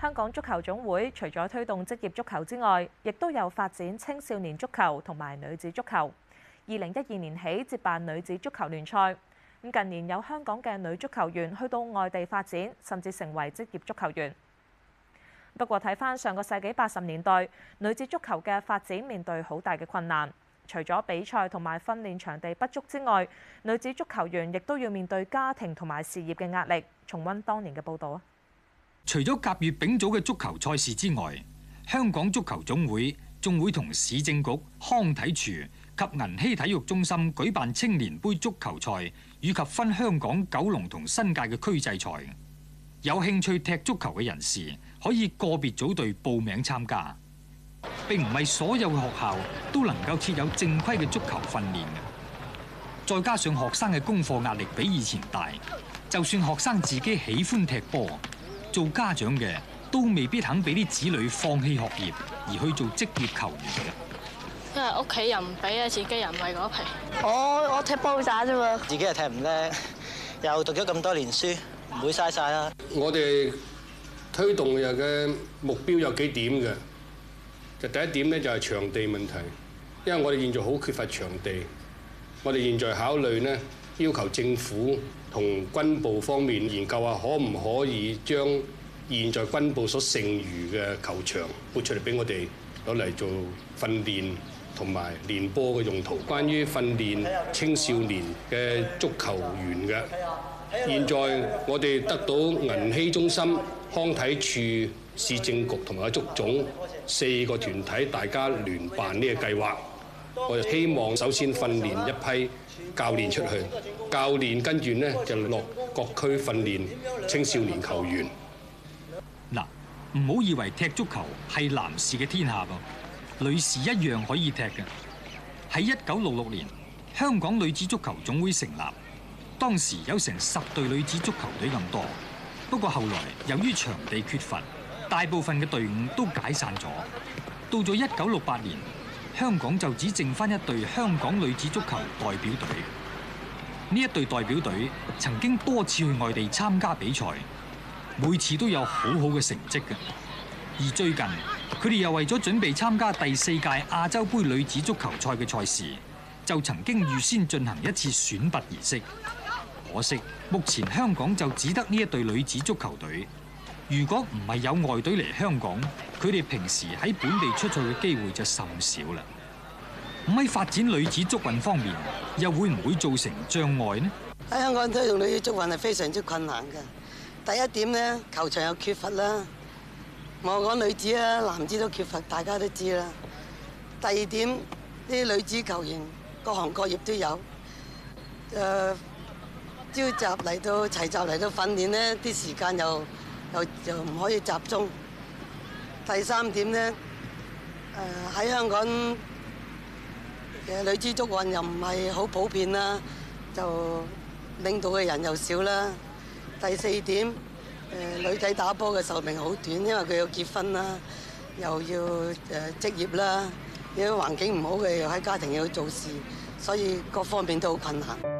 香港足球總會除咗推動職業足球之外，亦都有發展青少年足球同埋女子足球。二零一二年起接辦女子足球聯賽。咁近年有香港嘅女足球員去到外地發展，甚至成為職業足球員。不過睇返上個世紀八十年代，女子足球嘅發展面對好大嘅困難。除咗比賽同埋訓練場地不足之外，女子足球員亦都要面對家庭同埋事業嘅壓力。重溫當年嘅報導啊！除咗甲、乙、丙組嘅足球賽事之外，香港足球總會仲會同市政局、康體處及銀禧體育中心舉辦青年杯足球賽，以及分香港九龍同新界嘅區際賽。有興趣踢足球嘅人士可以個別組隊報名參加。並唔係所有嘅學校都能夠設有正規嘅足球訓練。再加上學生嘅功課壓力比以前大，就算學生自己喜歡踢波。做家長嘅都未必肯俾啲子女放棄學業而去做職業球員，因為屋企人唔俾啊，自己人唔係嗰批，我我踢波渣啫嘛。自己又踢唔叻，又讀咗咁多年書，唔會嘥晒啦。我哋推動嘅目標有幾點嘅？就第一點咧，就係場地問題，因為我哋現在好缺乏場地。我哋現在考慮呢。要求政府同軍部方面研究下，可唔可以將現在軍部所剩餘嘅球場撥出嚟俾我哋攞嚟做訓練同埋練波嘅用途。關於訓練青少年嘅足球員嘅，現在我哋得到銀禧中心、康體處、市政局同埋足總四個團體，大家聯辦呢個計劃。我就希望首先訓練一批教練出去，教練跟住呢，就落各區訓練青少年球員。嗱，唔好以為踢足球係男士嘅天下噃，女士一樣可以踢嘅。喺一九六六年，香港女子足球總會成立，當時有成十隊女子足球隊咁多。不過後來由於場地缺乏，大部分嘅隊伍都解散咗。到咗一九六八年，香港就只剩翻一隊香港女子足球代表隊，呢一隊代表隊曾經多次去外地參加比賽，每次都有好好嘅成績嘅。而最近，佢哋又為咗準備參加第四屆亞洲盃女子足球賽嘅賽事，就曾經預先進行一次選拔儀式。可惜，目前香港就只得呢一隊女子足球隊。如果唔係有外隊嚟香港，佢哋平時喺本地出賽嘅機會就甚少啦。唔喺發展女子足運方面，又會唔會造成障礙呢？喺香港推動女子足運係非常之困難㗎。第一點呢，球場有缺乏啦。我講女子啊，男子都缺乏，大家都知啦。第二點，啲女子球員各行各業都有。誒、呃，招集嚟到，齊集嚟到訓練呢，啲時間又。又又唔可以集中。第三點咧，誒喺香港嘅女子足運又唔係好普遍啦，就拎到嘅人又少啦。第四點，誒女仔打波嘅壽命好短，因為佢要結婚啦，又要誒職業啦，如果環境唔好嘅又喺家庭要做事，所以各方面都好困難。